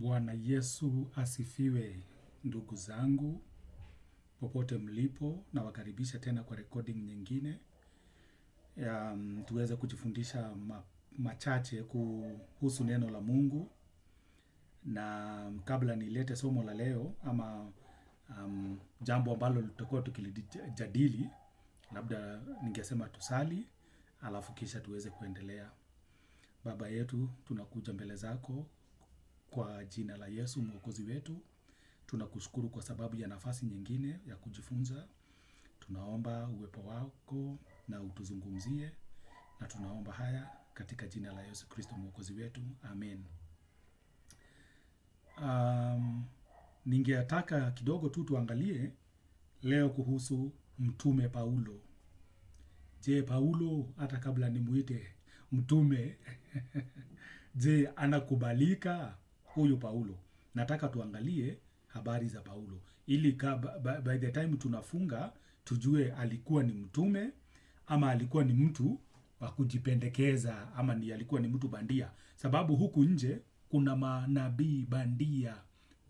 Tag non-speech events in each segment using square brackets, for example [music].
Bwana Yesu asifiwe, ndugu zangu popote mlipo, nawakaribisha tena kwa recording nyingine um, tuweze kujifundisha ma, machache kuhusu neno la Mungu. Na um, kabla nilete somo la leo ama um, jambo ambalo tutakuwa tukilijadili, labda ningesema tusali, alafu kisha tuweze kuendelea. Baba yetu, tunakuja mbele zako kwa jina la Yesu mwokozi wetu, tunakushukuru kwa sababu ya nafasi nyingine ya kujifunza. Tunaomba uwepo wako na utuzungumzie, na tunaomba haya katika jina la Yesu Kristo mwokozi wetu, amen. Um, ningeataka kidogo tu tuangalie leo kuhusu mtume Paulo. Je, Paulo hata kabla nimuite mtume [laughs] je, anakubalika? huyu Paulo. Nataka tuangalie habari za Paulo ili ka, by the time tunafunga tujue alikuwa ni mtume ama alikuwa ni mtu wa kujipendekeza ama ni alikuwa ni mtu bandia, sababu huku nje kuna manabii bandia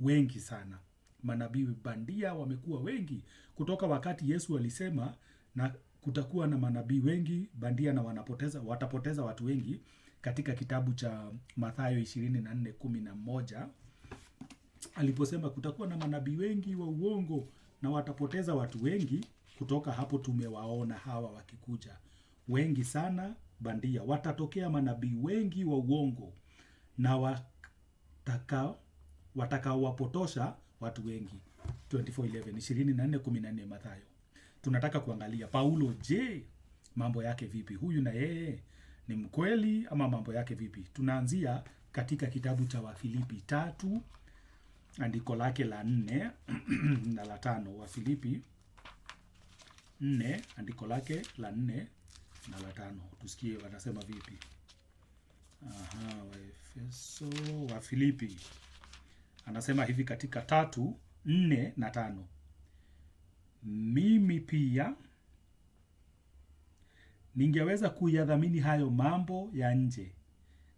wengi sana. Manabii bandia wamekuwa wengi kutoka wakati Yesu alisema na kutakuwa na manabii wengi bandia na wanapoteza watapoteza watu wengi katika kitabu cha Mathayo 24:11 aliposema kutakuwa na manabii wengi wa uongo na watapoteza watu wengi. Kutoka hapo tumewaona hawa wakikuja wengi sana bandia, watatokea manabii wengi wa uongo na wataka watu wengi 24:11 Mathayo. Tunataka kuangalia Paulo, je, mambo yake vipi? Huyu na yeye ni mkweli ama mambo yake vipi? Tunaanzia katika kitabu cha Wafilipi tatu andiko lake la nne [clears throat] na la tano. Wafilipi nne andiko lake la nne na la tano, tusikie wanasema vipi. Aha, Waefeso, Wafilipi anasema hivi katika tatu nne na tano mimi pia ningeweza kuyadhamini hayo mambo ya nje,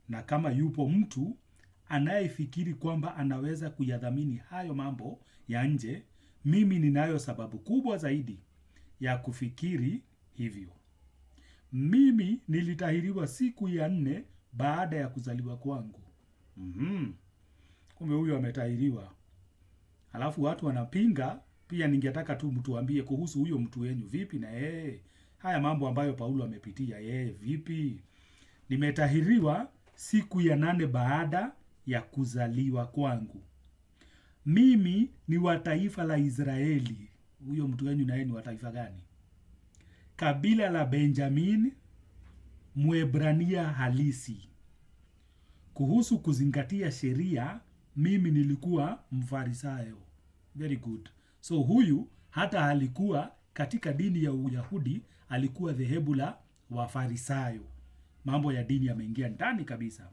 na kama yupo mtu anayefikiri kwamba anaweza kuyadhamini hayo mambo ya nje, mimi ninayo sababu kubwa zaidi ya kufikiri hivyo. Mimi nilitahiriwa siku ya nne baada ya kuzaliwa kwangu. Mm-hmm. Kumbe huyo ametahiriwa, alafu watu wanapinga. Pia ningetaka tu mtuambie kuhusu huyo mtu wenyu, vipi na yeye haya mambo ambayo Paulo amepitia yeye vipi? Nimetahiriwa siku ya nane baada ya kuzaliwa kwangu. Mimi ni wa taifa la Israeli. Huyo mtu wenyu naye ni wa taifa gani? Kabila la benjamin Mwebrania halisi. Kuhusu kuzingatia sheria, mimi nilikuwa Mfarisayo. Very good. So huyu hata alikuwa katika dini ya Uyahudi alikuwa dhehebu la Wafarisayo. Mambo ya dini yameingia ndani kabisa,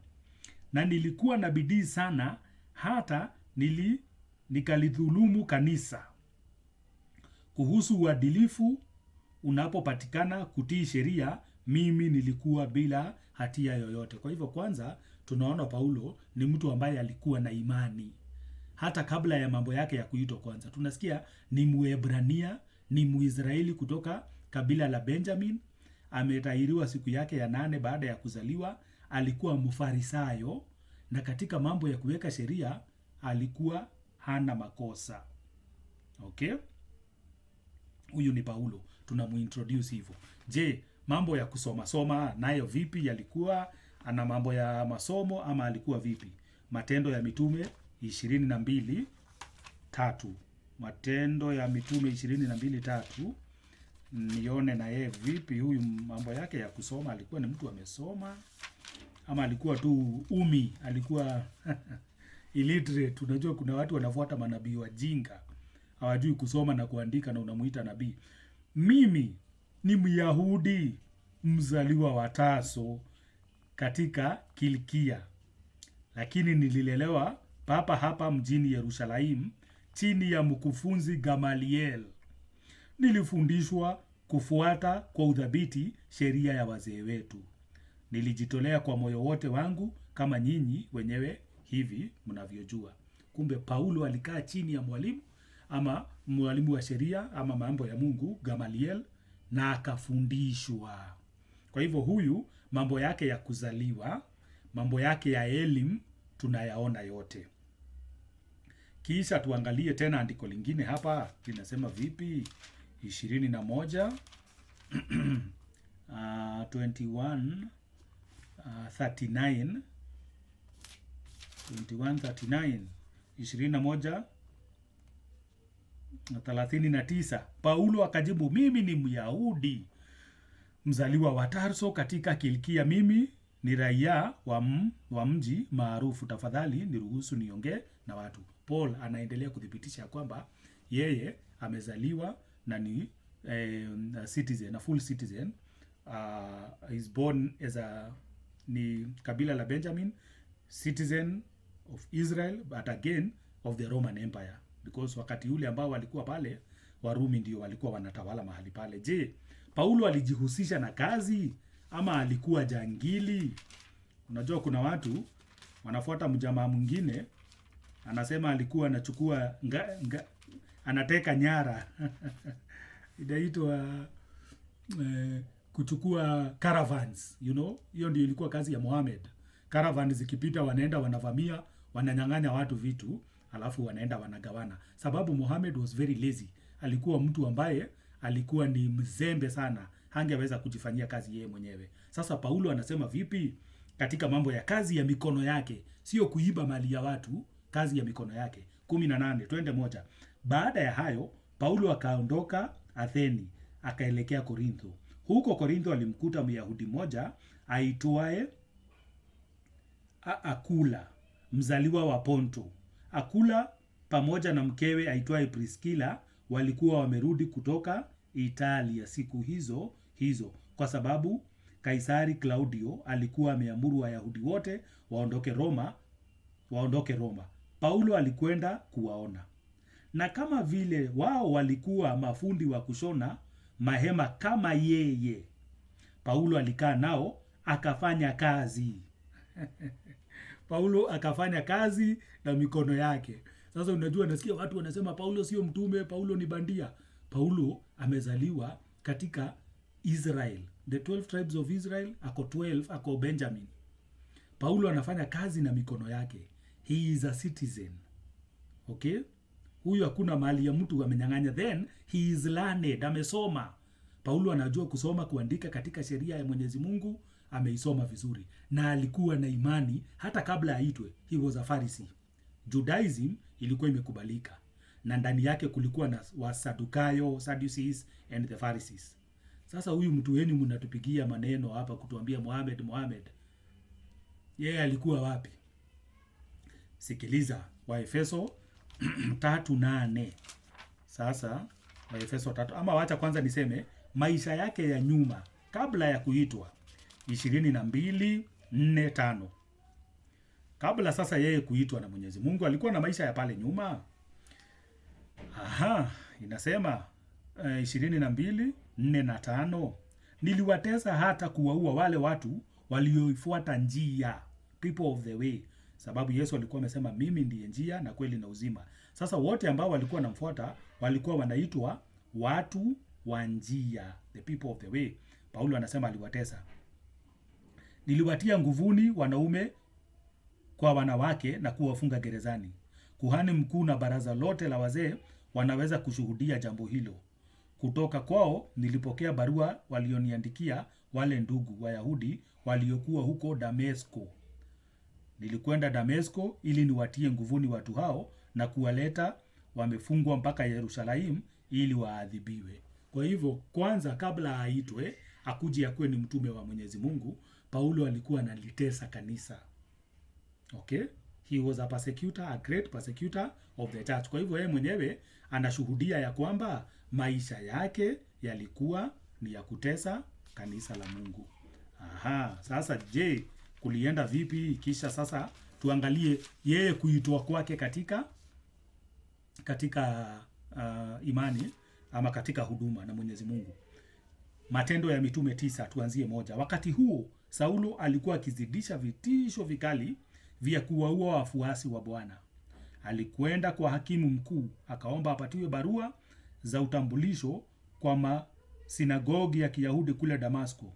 na nilikuwa na bidii sana hata nili nikalidhulumu kanisa. Kuhusu uadilifu unapopatikana kutii sheria, mimi nilikuwa bila hatia yoyote. Kwa hivyo, kwanza tunaona Paulo ni mtu ambaye alikuwa na imani hata kabla ya mambo yake ya kuitwa. Kwanza tunasikia ni Mwebrania ni muisraeli kutoka kabila la Benjamin. Ametahiriwa siku yake ya nane baada ya kuzaliwa. Alikuwa Mfarisayo, na katika mambo ya kuweka sheria alikuwa hana makosa. Okay, huyu ni Paulo, tunamuintroduce hivyo. Je, mambo ya kusoma soma nayo vipi? Yalikuwa ana mambo ya masomo ama alikuwa vipi? Matendo ya Mitume ishirini na mbili tatu. Matendo ya Mitume ishirini na mbili tatu nione na yeye vipi huyu mambo yake ya kusoma, alikuwa ni mtu amesoma ama alikuwa tu umi, alikuwa [laughs] illiterate. Unajua kuna watu wanafuata manabii wajinga, hawajui kusoma na kuandika, na unamuita nabii. Mimi ni Myahudi mzaliwa wa Taso katika Kilkia, lakini nililelewa papa hapa mjini Yerusalemu chini ya mkufunzi Gamaliel. Nilifundishwa kufuata kwa udhabiti sheria ya wazee wetu. Nilijitolea kwa moyo wote wangu kama nyinyi wenyewe hivi mnavyojua. Kumbe Paulo alikaa chini ya mwalimu ama mwalimu wa sheria ama mambo ya Mungu Gamaliel na akafundishwa. Kwa hivyo huyu mambo yake ya kuzaliwa, mambo yake ya elimu tunayaona yote. Kisha tuangalie tena andiko lingine hapa linasema vipi? ishirini na moja uh, 21 uh, 39 21:39 Paulo akajibu, mimi ni Myahudi mzaliwa wa Tarso katika Kilikia, mimi ni raia wa, m, wa mji maarufu, tafadhali niruhusu niongee na watu. Paul anaendelea kuthibitisha kwamba yeye amezaliwa na ni eh, citizen, a full citizen uh, is born as a ni kabila la Benjamin citizen of Israel but again of the Roman Empire because wakati ule ambao walikuwa pale Warumi ndio walikuwa wanatawala mahali pale. Je, Paulo alijihusisha na kazi ama alikuwa jangili? Unajua kuna watu wanafuata mjamaa mwingine Anasema alikuwa anachukua nga, nga, anateka nyara [laughs] inaitwa eh, kuchukua caravans you know, hiyo ndio ilikuwa kazi ya Mohamed. Caravans zikipita wanaenda wanavamia, wananyang'anya watu vitu, alafu wanaenda wanagawana. Sababu Mohamed was very lazy, alikuwa mtu ambaye alikuwa ni mzembe sana, hangeweza kujifanyia kazi yeye mwenyewe. Sasa Paulo anasema vipi katika mambo ya kazi ya mikono yake, sio kuiba mali ya watu kazi ya mikono yake. kumi na nane twende moja. Baada ya hayo Paulo akaondoka Atheni akaelekea Korintho. Huko Korintho alimkuta Myahudi mmoja aitwaye Akula, mzaliwa wa Ponto. Akula pamoja na mkewe aitwaye Priskila walikuwa wamerudi kutoka Italia siku hizo hizo, kwa sababu Kaisari Klaudio alikuwa ameamuru Wayahudi wote waondoke Roma, waondoke Roma. Paulo alikwenda kuwaona. Na kama vile wao walikuwa mafundi wa kushona mahema kama yeye, Paulo alikaa nao akafanya kazi. [laughs] Paulo akafanya kazi na mikono yake. Sasa unajua, nasikia watu wanasema Paulo sio mtume, Paulo ni bandia. Paulo amezaliwa katika Israel, the 12 tribes of Israel, ako 12, ako Benjamin. Paulo anafanya kazi na mikono yake he is a citizen. Okay, huyu hakuna mali ya mtu amenyang'anya, then he is learned, amesoma. Paulo anajua kusoma, kuandika katika sheria ya Mwenyezi Mungu ameisoma vizuri, na alikuwa na imani hata kabla aitwe. He was a Pharisee. Judaism ilikuwa imekubalika na ndani yake kulikuwa na Wasadukayo, Sadducees and the Pharisees. Sasa huyu mtu wenu mnatupigia maneno hapa kutuambia Mohamed, Mohamed, yeye alikuwa wapi? Sikiliza Waefeso [clears throat] tatu nane. Sasa Waefeso tatu ama, wacha kwanza niseme maisha yake ya nyuma kabla ya kuitwa ishirini na mbili nne tano. Kabla sasa yeye kuitwa na Mwenyezi Mungu alikuwa na maisha ya pale nyuma. Aha, inasema eh, ishirini na mbili nne na tano, niliwatesa hata kuwaua wale watu walioifuata njia, people of the way sababu Yesu alikuwa amesema mimi ndiye njia na kweli na uzima. Sasa wote ambao walikuwa wanamfuata walikuwa wanaitwa watu wa njia, the people of the way. Paulo anasema aliwatesa, niliwatia nguvuni wanaume kwa wanawake na kuwafunga gerezani. Kuhani mkuu na baraza lote la wazee wanaweza kushuhudia jambo hilo. Kutoka kwao nilipokea barua walioniandikia wale ndugu Wayahudi waliokuwa huko Damesko. Nilikwenda Damesko ili niwatie nguvuni watu hao na kuwaleta wamefungwa mpaka Yerusalemu ili waadhibiwe. Kwa hivyo kwanza, kabla aitwe akuje akuwe ni mtume wa Mwenyezi Mungu, Paulo alikuwa analitesa kanisa. Okay? He was a persecutor, a great persecutor of the church. Kwa hivyo yeye mwenyewe anashuhudia ya kwamba maisha yake yalikuwa ni ya kutesa kanisa la Mungu. Aha, sasa je, kulienda vipi, kisha sasa tuangalie yeye kuitoa kwake katika katika uh, imani ama katika huduma na Mwenyezi Mungu. Matendo ya Mitume tisa, tuanzie moja. Wakati huo Saulo alikuwa akizidisha vitisho vikali vya kuwaua wafuasi wa Bwana. Alikwenda kwa hakimu mkuu akaomba apatiwe barua za utambulisho kwa masinagogi ya Kiyahudi kule Damasko,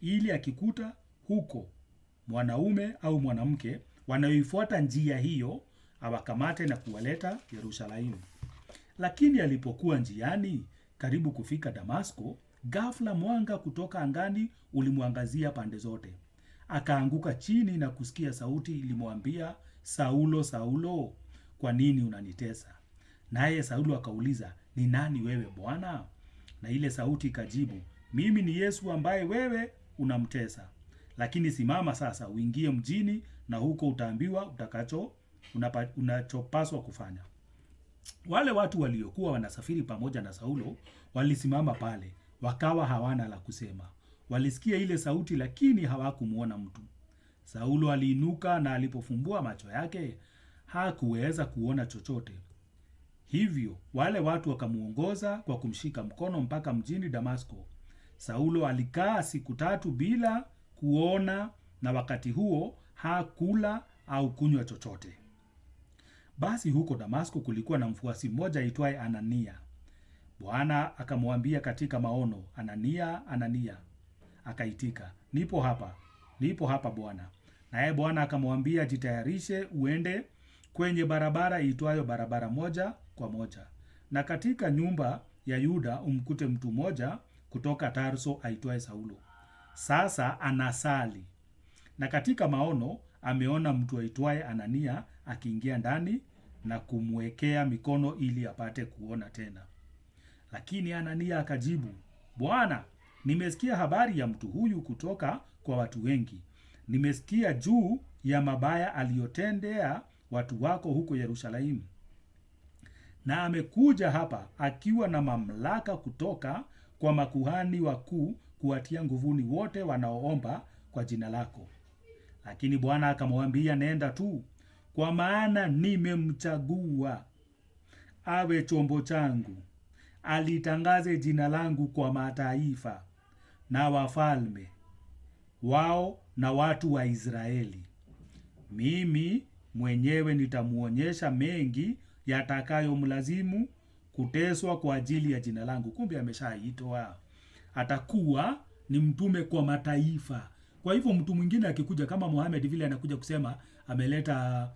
ili akikuta huko mwanaume au mwanamke wanayoifuata njia hiyo awakamate na kuwaleta Yerusalemu. Lakini alipokuwa njiani karibu kufika Damasko, ghafla mwanga kutoka angani ulimwangazia pande zote. Akaanguka chini na kusikia sauti ilimwambia, Saulo, Saulo, kwa nini unanitesa? Naye Saulo akauliza, ni nani wewe Bwana? Na ile sauti ikajibu, mimi ni Yesu ambaye wewe unamtesa. Lakini simama sasa uingie mjini na huko utaambiwa utakacho unachopaswa kufanya. Wale watu waliokuwa wanasafiri pamoja na Saulo walisimama pale, wakawa hawana la kusema. Walisikia ile sauti lakini hawakumuona mtu. Saulo aliinuka na alipofumbua macho yake hakuweza kuona chochote. Hivyo wale watu wakamuongoza kwa kumshika mkono mpaka mjini Damasko. Saulo alikaa siku tatu bila kuona na wakati huo hakula au kunywa chochote. Basi huko Damasko kulikuwa na mfuasi mmoja aitwaye Anania. Bwana akamwambia katika maono, Anania, Anania. Akaitika, nipo hapa, nipo hapa Bwana. Naye Bwana akamwambia, jitayarishe uende kwenye barabara iitwayo barabara moja kwa moja, na katika nyumba ya Yuda umkute mtu mmoja kutoka Tarso aitwaye Saulo. Sasa anasali. Na katika maono ameona mtu aitwaye Anania akiingia ndani na kumwekea mikono ili apate kuona tena. Lakini Anania akajibu, Bwana, nimesikia habari ya mtu huyu kutoka kwa watu wengi. Nimesikia juu ya mabaya aliyotendea watu wako huko Yerusalemu, na amekuja hapa akiwa na mamlaka kutoka kwa makuhani wakuu kuwatia nguvuni wote wanaoomba kwa jina lako. Lakini Bwana akamwambia, nenda tu, kwa maana nimemchagua awe chombo changu, alitangaze jina langu kwa mataifa na wafalme wao na watu wa Israeli. Mimi mwenyewe nitamwonyesha mengi yatakayomlazimu kuteswa kwa ajili ya jina langu. Kumbe ameshaitoa atakuwa ni mtume kwa mataifa. Kwa hivyo mtu mwingine akikuja kama Muhammad vile anakuja kusema ameleta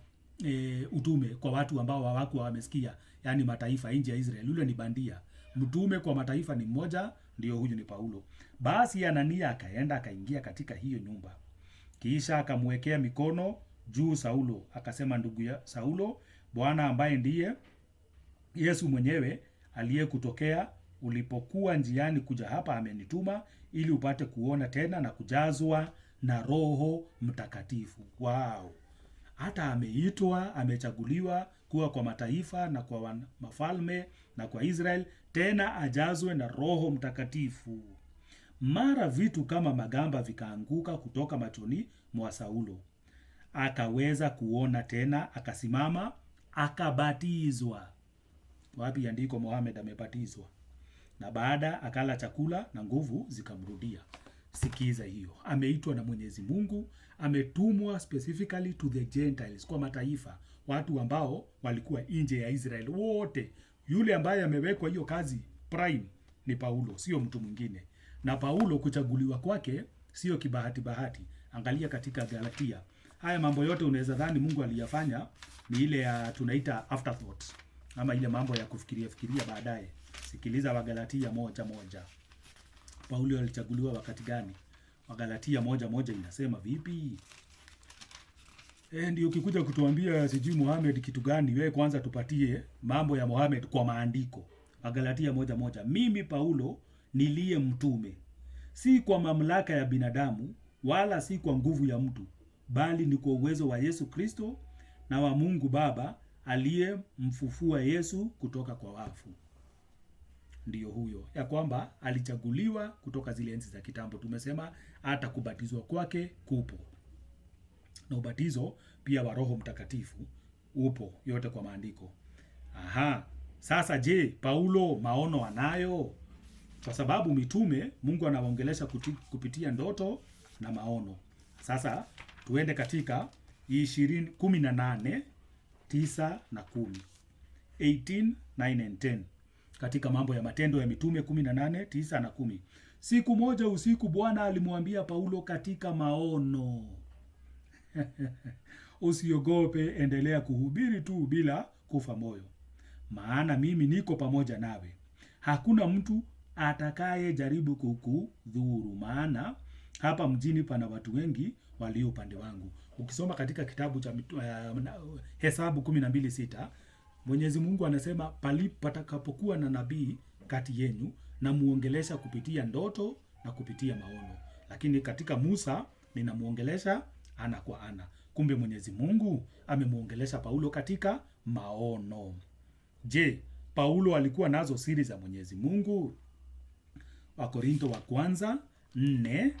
e, utume kwa watu ambao hawakuwa wamesikia, yaani mataifa nje ya Israeli, yule ni bandia. Mtume kwa mataifa ni mmoja, ndio huyu ni Paulo. Basi Anania akaenda akaingia katika hiyo nyumba, kisha akamwekea mikono juu Saulo, akasema, ndugu ya Saulo, Bwana ambaye ndiye Yesu mwenyewe aliyekutokea ulipokuwa njiani kuja hapa amenituma ili upate kuona tena na kujazwa na Roho Mtakatifu. Wao Hata ameitwa, amechaguliwa kuwa kwa mataifa na kwa mafalme na kwa Israel, tena ajazwe na Roho Mtakatifu. Mara vitu kama magamba vikaanguka kutoka machoni mwa Saulo, akaweza kuona tena, akasimama, akabatizwa. Wapi andiko Mohamed amebatizwa? na baada akala chakula na nguvu zikamrudia. Sikiza hiyo, ameitwa na Mwenyezi Mungu, ametumwa specifically to the Gentiles, kwa mataifa, watu ambao walikuwa nje ya israel wote. Yule ambaye amewekwa hiyo kazi prime ni Paulo, sio mtu mwingine. Na Paulo kuchaguliwa kwake sio kibahati bahati. Angalia katika Galatia, haya mambo yote unaweza dhani Mungu aliyafanya ni ile ya tunaita afterthought, ama ile mambo ya kufikiria fikiria baadaye. Sikiliza Wagalatia moja moja. Paulo alichaguliwa wakati gani? Wagalatia moja moja inasema vipi? E, ndio ukikuja kutuambia sijui Muhammad kitu gani, wewe kwanza tupatie mambo ya Muhammad kwa maandiko. Wagalatia moja moja. Mimi Paulo niliye mtume, si kwa mamlaka ya binadamu wala si kwa nguvu ya mtu, bali ni kwa uwezo wa Yesu Kristo na wa Mungu Baba aliyemfufua Yesu kutoka kwa wafu ndiyo huyo, ya kwamba alichaguliwa kutoka zile enzi za kitambo. Tumesema hata kubatizwa kwake kupo na ubatizo pia wa Roho Mtakatifu upo, yote kwa maandiko. Aha, sasa je, Paulo maono anayo? Kwa sababu mitume Mungu anawaongelesha kupitia ndoto na maono. Sasa tuende katika ishirini kumi na nane tisa na kumi 18 9 and 10 katika mambo ya Matendo ya Mitume 18 9 na 10. Siku moja usiku Bwana alimwambia Paulo katika maono [laughs] usiogope, endelea kuhubiri tu bila kufa moyo, maana mimi niko pamoja nawe. Hakuna mtu atakaye jaribu kukudhuru, maana hapa mjini pana watu wengi walio upande wangu. Ukisoma katika kitabu cha uh, Hesabu 12:6 Mwenyezi Mungu anasema palipo patakapokuwa na nabii kati yenu namuongelesha kupitia ndoto na kupitia maono, lakini katika Musa ninamuongelesha ana kwa ana. Kumbe Mwenyezi Mungu amemuongelesha Paulo katika maono. Je, Paulo alikuwa nazo siri za Mwenyezi Mungu? Wakorinto wa kwanza nne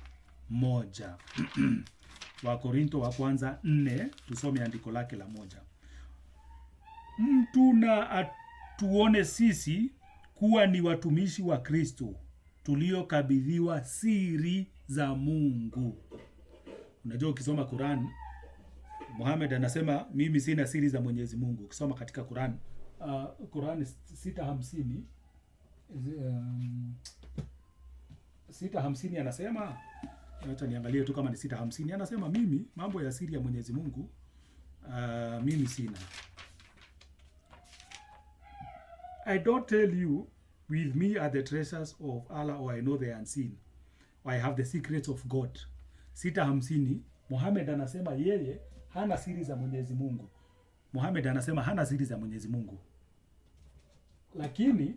moja [clears throat] Wakorinto wa kwanza nne, tusome andiko lake la moja mtu na atuone sisi kuwa ni watumishi wa Kristo tuliokabidhiwa siri za Mungu. Unajua, ukisoma Quran Muhammad anasema mimi sina siri za Mwenyezi Mungu. Ukisoma katika Quran uh, Quran sita hamsini um, sita hamsini anasema, acha niangalie tu kama ni sita hamsini. Anasema mimi mambo ya siri ya Mwenyezi Mungu uh, mimi sina I don't tell you, with me are the treasures of Allah, or I know the unseen, or I have the secrets of God. Sita hamsini, Muhammad anasema yeye hana siri za Mwenyezi Mungu. Muhammad anasema hana siri za Mwenyezi Mungu, lakini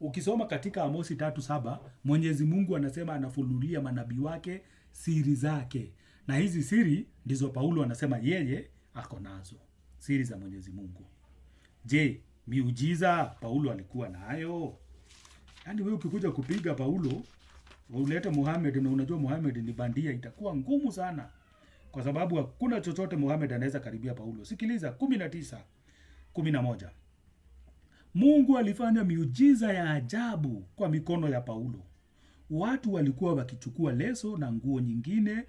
ukisoma katika Amosi tatu saba Mwenyezi Mungu anasema anafunulia manabii wake siri zake, na hizi siri ndizo Paulo anasema yeye ako nazo, siri za Mwenyezi Mungu. Je, miujiza Paulo alikuwa nayo. Yaani wewe ukikuja kupiga Paulo ulete Muhammad na unajua Muhammad ni bandia, itakuwa ngumu sana, kwa sababu hakuna chochote Muhammad anaweza karibia Paulo. Sikiliza 19 11. Mungu alifanya miujiza ya ajabu kwa mikono ya Paulo. Watu walikuwa wakichukua leso na nguo nyingine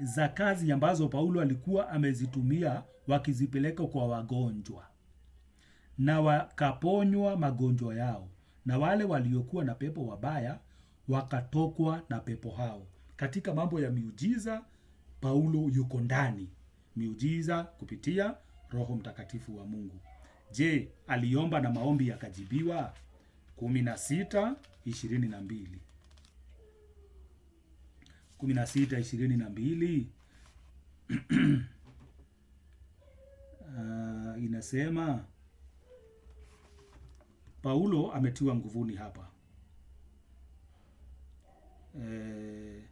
za kazi ambazo Paulo alikuwa amezitumia wakizipeleka kwa wagonjwa na wakaponywa magonjwa yao, na wale waliokuwa na pepo wabaya wakatokwa na pepo hao. Katika mambo ya miujiza, Paulo yuko ndani miujiza kupitia Roho Mtakatifu wa Mungu. Je, aliomba na maombi yakajibiwa? 16:22 16:22 [clears throat] ah, inasema Paulo ametiwa nguvuni hapa. E, eh,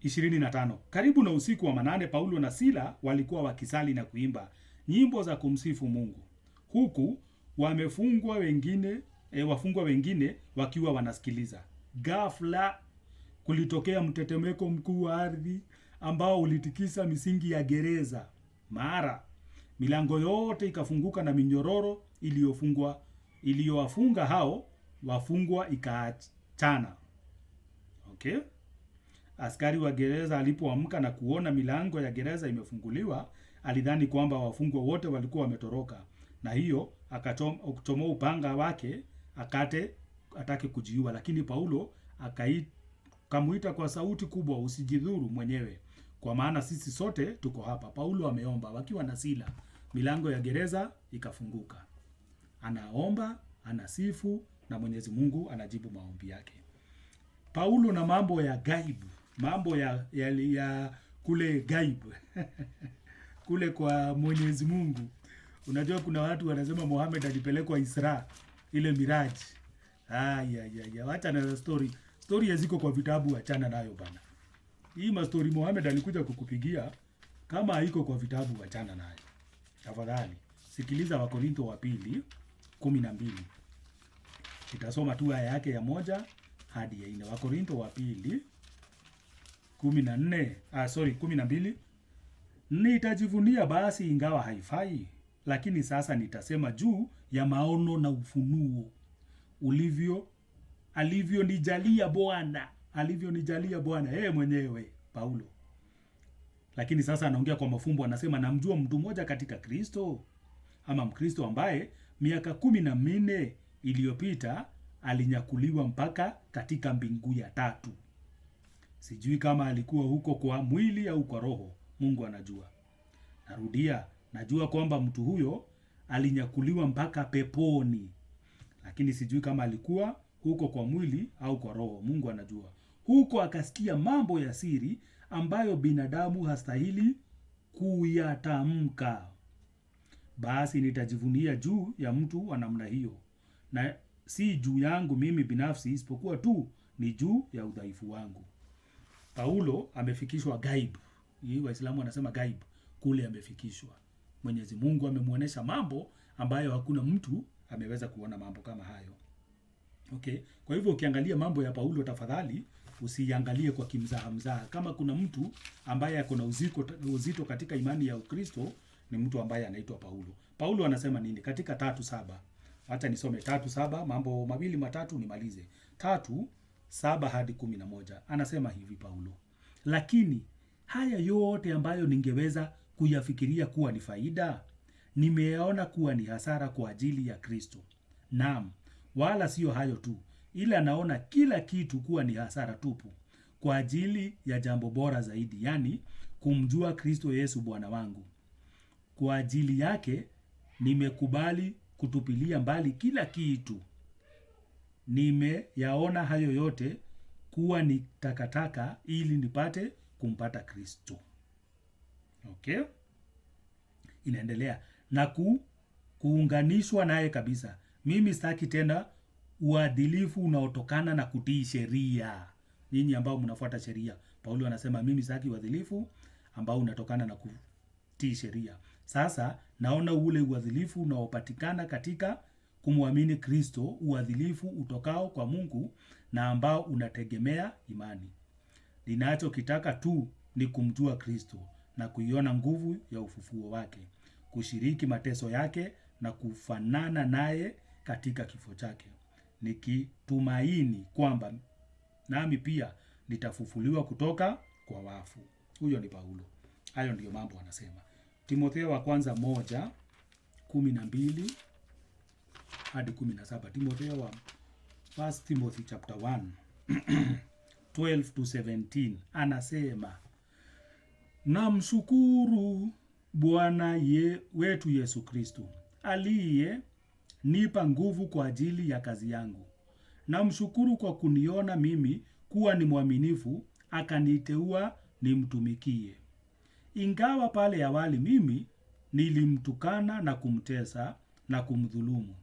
25. Karibu na usiku wa manane, Paulo na Sila walikuwa wakisali na kuimba nyimbo za kumsifu Mungu huku wamefungwa wengine e, wafungwa wengine wakiwa wanasikiliza. Ghafla kulitokea mtetemeko mkuu wa ardhi ambao ulitikisa misingi ya gereza. Mara milango yote ikafunguka na minyororo iliyofungwa iliyowafunga hao wafungwa ikaachana. Okay? Askari wa gereza alipoamka na kuona milango ya gereza imefunguliwa, alidhani kwamba wafungwa wote walikuwa wametoroka, na hiyo akachomoa upanga wake akate atake kujiua, lakini Paulo akamuita kwa sauti kubwa, usijidhuru mwenyewe, kwa maana sisi sote tuko hapa. Paulo ameomba wakiwa na sila, milango ya gereza ikafunguka anaomba, anasifu na Mwenyezi Mungu anajibu maombi yake. Paulo na mambo ya gaibu, mambo ya, ya, ya kule gaibu [laughs] kule kwa Mwenyezi Mungu. Unajua kuna watu wanasema Mohamed alipelekwa Isra ile miraji. Ah, ya, Wacha na story. Story yaziko kwa vitabu achana nayo bana. Hii ma story Mohamed alikuja kukupigia kama haiko kwa vitabu achana nayo. Tafadhali sikiliza Wakorintho wa pili kumi na mbili. Nitasoma tu aya yake ya moja hadi ya nne. Wakorinto wa pili kumi na nne, ah, sorry kumi na mbili. Nitajivunia basi ingawa haifai, lakini sasa nitasema juu ya maono na ufunuo ulivyo alivyonijalia Bwana, alivyonijalia Bwana yeye mwenyewe Paulo. Lakini sasa anaongea kwa mafumbo, anasema namjua mtu mmoja katika Kristo ama Mkristo ambaye Miaka kumi na minne iliyopita alinyakuliwa mpaka katika mbingu ya tatu. Sijui kama alikuwa huko kwa mwili au kwa roho, Mungu anajua. Narudia, najua kwamba mtu huyo alinyakuliwa mpaka peponi, lakini sijui kama alikuwa huko kwa mwili au kwa roho, Mungu anajua. Huko akasikia mambo ya siri ambayo binadamu hastahili kuyatamka basi nitajivunia juu ya mtu wa namna hiyo, na si juu yangu mimi binafsi, isipokuwa tu ni juu ya udhaifu wangu. Paulo amefikishwa ghaib. Hii Waislamu wanasema ghaib, kule amefikishwa. Mwenyezi Mungu amemwonyesha mambo ambayo hakuna mtu ameweza kuona mambo kama hayo. Okay. Kwa hivyo ukiangalia mambo ya Paulo, tafadhali usiangalie kwa kimzaha mzaha. Kama kuna mtu ambaye ako na uzito katika imani ya Ukristo, ni mtu ambaye anaitwa Paulo. Paulo anasema nini katika tatu saba? Hata nisome tatu saba, mambo mawili matatu nimalize. Tatu saba hadi kumi na moja anasema hivi Paulo, lakini haya yote ambayo ningeweza kuyafikiria kuwa ni faida nimeyaona kuwa ni hasara kwa ajili ya Kristo. Naam, wala siyo hayo tu, ila naona kila kitu kuwa ni hasara tupu kwa ajili ya jambo bora zaidi, yaani kumjua Kristo Yesu Bwana wangu kwa ajili yake nimekubali kutupilia mbali kila kitu. Nimeyaona hayo yote kuwa ni takataka ili nipate kumpata Kristo. Okay? Inaendelea na ku, kuunganishwa naye kabisa. Mimi sitaki tena uadilifu unaotokana na kutii sheria. Nyinyi ambao mnafuata sheria, Paulo anasema mimi sitaki uadilifu ambao unatokana na kutii sheria. Sasa naona ule uadhilifu unaopatikana katika kumwamini Kristo, uadhilifu utokao kwa Mungu na ambao unategemea imani. Ninachokitaka tu ni kumjua Kristo na kuiona nguvu ya ufufuo wake, kushiriki mateso yake na kufanana naye katika kifo chake, nikitumaini kwamba nami pia nitafufuliwa kutoka kwa wafu. Huyo ni Paulo. Hayo ndiyo mambo anasema. Timotheo wa kwanza moja kumi na mbili hadi kumi na saba Timotheo wa First Timothy chapter 1 12 [clears throat] to 17 anasema, namshukuru Bwana ye, wetu Yesu Kristo aliye nipa nguvu kwa ajili ya kazi yangu. Namshukuru kwa kuniona mimi kuwa ni mwaminifu akaniteua nimtumikie. Ingawa pale awali mimi nilimtukana na kumtesa na kumdhulumu.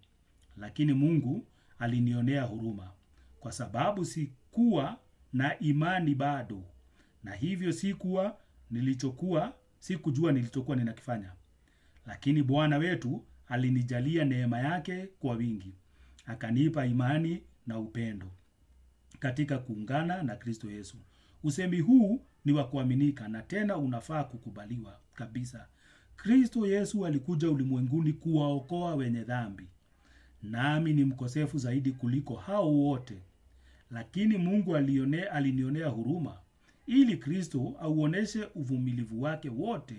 Lakini Mungu alinionea huruma kwa sababu sikuwa na imani bado. Na hivyo sikuwa nilichokuwa, sikujua nilichokuwa ninakifanya. Lakini Bwana wetu alinijalia neema yake kwa wingi. Akanipa imani na upendo katika kuungana na Kristo Yesu. Usemi huu ni wa kuaminika na tena unafaa kukubaliwa kabisa. Kristo Yesu alikuja ulimwenguni kuwaokoa wenye dhambi, nami ni mkosefu zaidi kuliko hao wote, lakini Mungu alinionea huruma ili Kristo auoneshe uvumilivu wake wote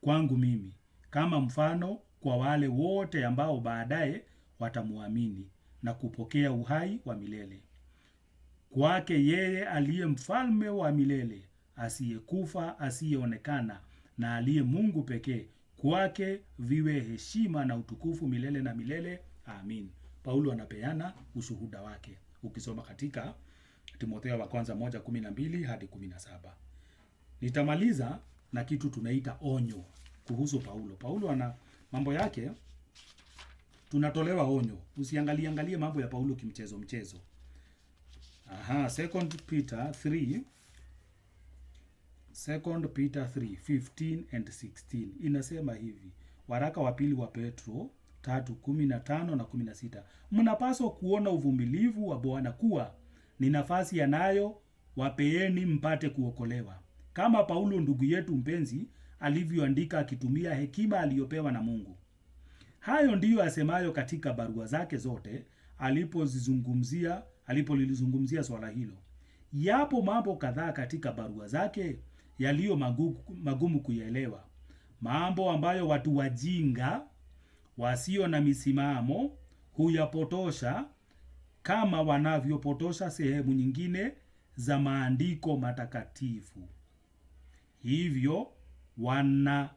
kwangu mimi kama mfano kwa wale wote ambao baadaye watamwamini na kupokea uhai wa milele. Kwake yeye aliye mfalme wa milele, asiyekufa, asiyeonekana na aliye Mungu pekee. Kwake viwe heshima na utukufu milele na milele. Amin. Paulo anapeana ushuhuda wake ukisoma katika Timotheo wa kwanza moja mbili hadi saba. Nitamaliza na kitu tunaita onyo kuhusu Paulo. Paulo ana mambo yake, tunatolewa onyo. Usiangalie angalie mambo ya Paulo kimchezo mchezo. Aha, Second Peter Second Peter 3, 15 and 16 inasema hivi, waraka wa pili wa Petro 3:15 na 16, mnapaswa kuona uvumilivu wa Bwana kuwa ni nafasi yanayo wapeeni mpate kuokolewa, kama Paulo ndugu yetu mpenzi alivyoandika akitumia hekima aliyopewa na Mungu. Hayo ndiyo asemayo katika barua zake zote alipozizungumzia, alipolilizungumzia swala hilo. Yapo mambo kadhaa katika barua zake yaliyo magumu kuyaelewa, mambo ambayo watu wajinga wasio na misimamo huyapotosha kama wanavyopotosha sehemu nyingine za maandiko matakatifu. Hivyo wana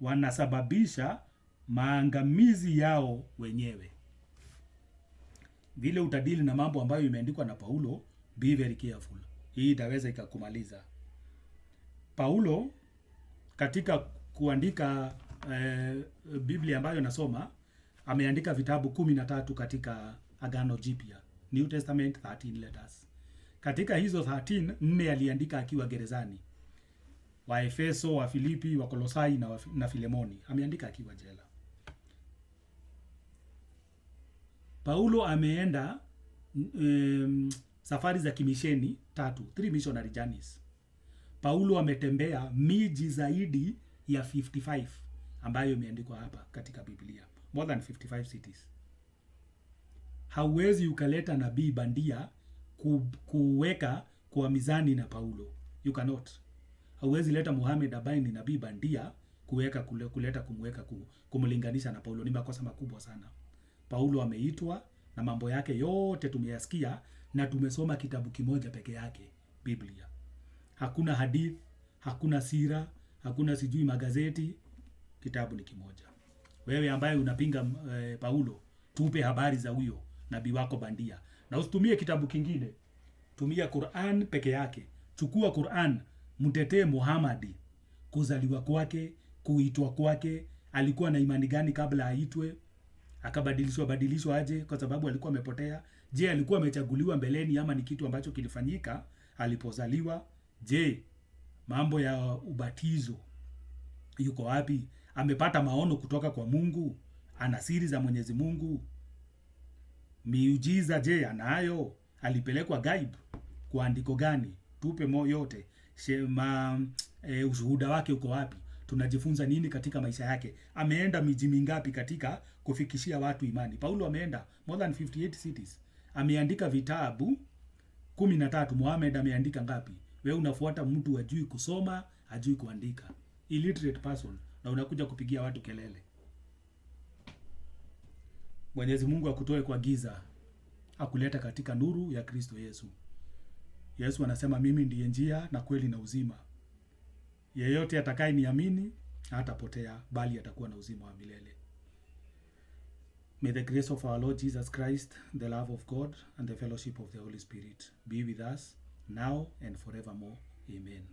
wanasababisha maangamizi yao wenyewe. Vile utadili na mambo ambayo imeandikwa na Paulo, be very careful. Hii itaweza ikakumaliza. Paulo katika kuandika eh, Biblia ambayo nasoma ameandika vitabu kumi na tatu katika Agano Jipya, New Testament 13 letters. Katika hizo 13 nne aliandika akiwa gerezani, wa Efeso, wa Filipi, wa Kolosai na, na Filemoni ameandika akiwa jela. Paulo ameenda um, safari za kimisheni tatu, three missionary journeys Paulo ametembea miji zaidi ya 55 ambayo imeandikwa hapa katika Biblia. More than 55 cities. Hauwezi ukaleta nabii bandia ku, kuweka kwa mizani na Paulo. You cannot. Hauwezi leta Muhammad ambaye ni nabii bandia kuweka kule, kuleta kumweka kumlinganisha na Paulo. Ni makosa makubwa sana. Paulo ameitwa na mambo yake yote tumeyasikia na tumesoma kitabu kimoja peke yake, Biblia hakuna hadith hakuna sira, hakuna sijui magazeti, kitabu ni kimoja. Wewe ambaye unapinga e, Paulo, tupe habari za huyo nabii wako bandia, na usitumie kitabu kingine, tumia Qur'an peke yake. Chukua Qur'an, mtetee Muhammad, kuzaliwa kwake, kuitwa kwake, alikuwa na imani gani kabla aitwe, akabadilishwa badilishwa aje kwa sababu alikuwa amepotea? Je, alikuwa amechaguliwa mbeleni ama ni kitu ambacho kilifanyika alipozaliwa? Je, mambo ya ubatizo yuko wapi? Amepata maono kutoka kwa Mungu? Ana siri za Mwenyezi Mungu? Miujiza je, anayo? Alipelekwa gaib Kwa andiko gani? Tupe mo yote shema. E, ushuhuda wake uko wapi? Tunajifunza nini katika maisha yake? Ameenda miji mingapi katika kufikishia watu imani? Paulo ameenda more than 58 cities, ameandika vitabu 13. Muhammad ameandika ngapi? We unafuata mtu ajui kusoma, ajui kuandika, illiterate person, na unakuja kupigia watu kelele. Mwenyezi Mungu akutoe kwa giza, akuleta katika nuru ya Kristo Yesu. Yesu anasema mimi ndiye njia na kweli na uzima, yeyote atakaye niamini hatapotea, bali atakuwa na uzima wa milele. May the grace of our Lord Jesus Christ, the love of God, and the fellowship of the Holy Spirit be with us now and forevermore. Amen.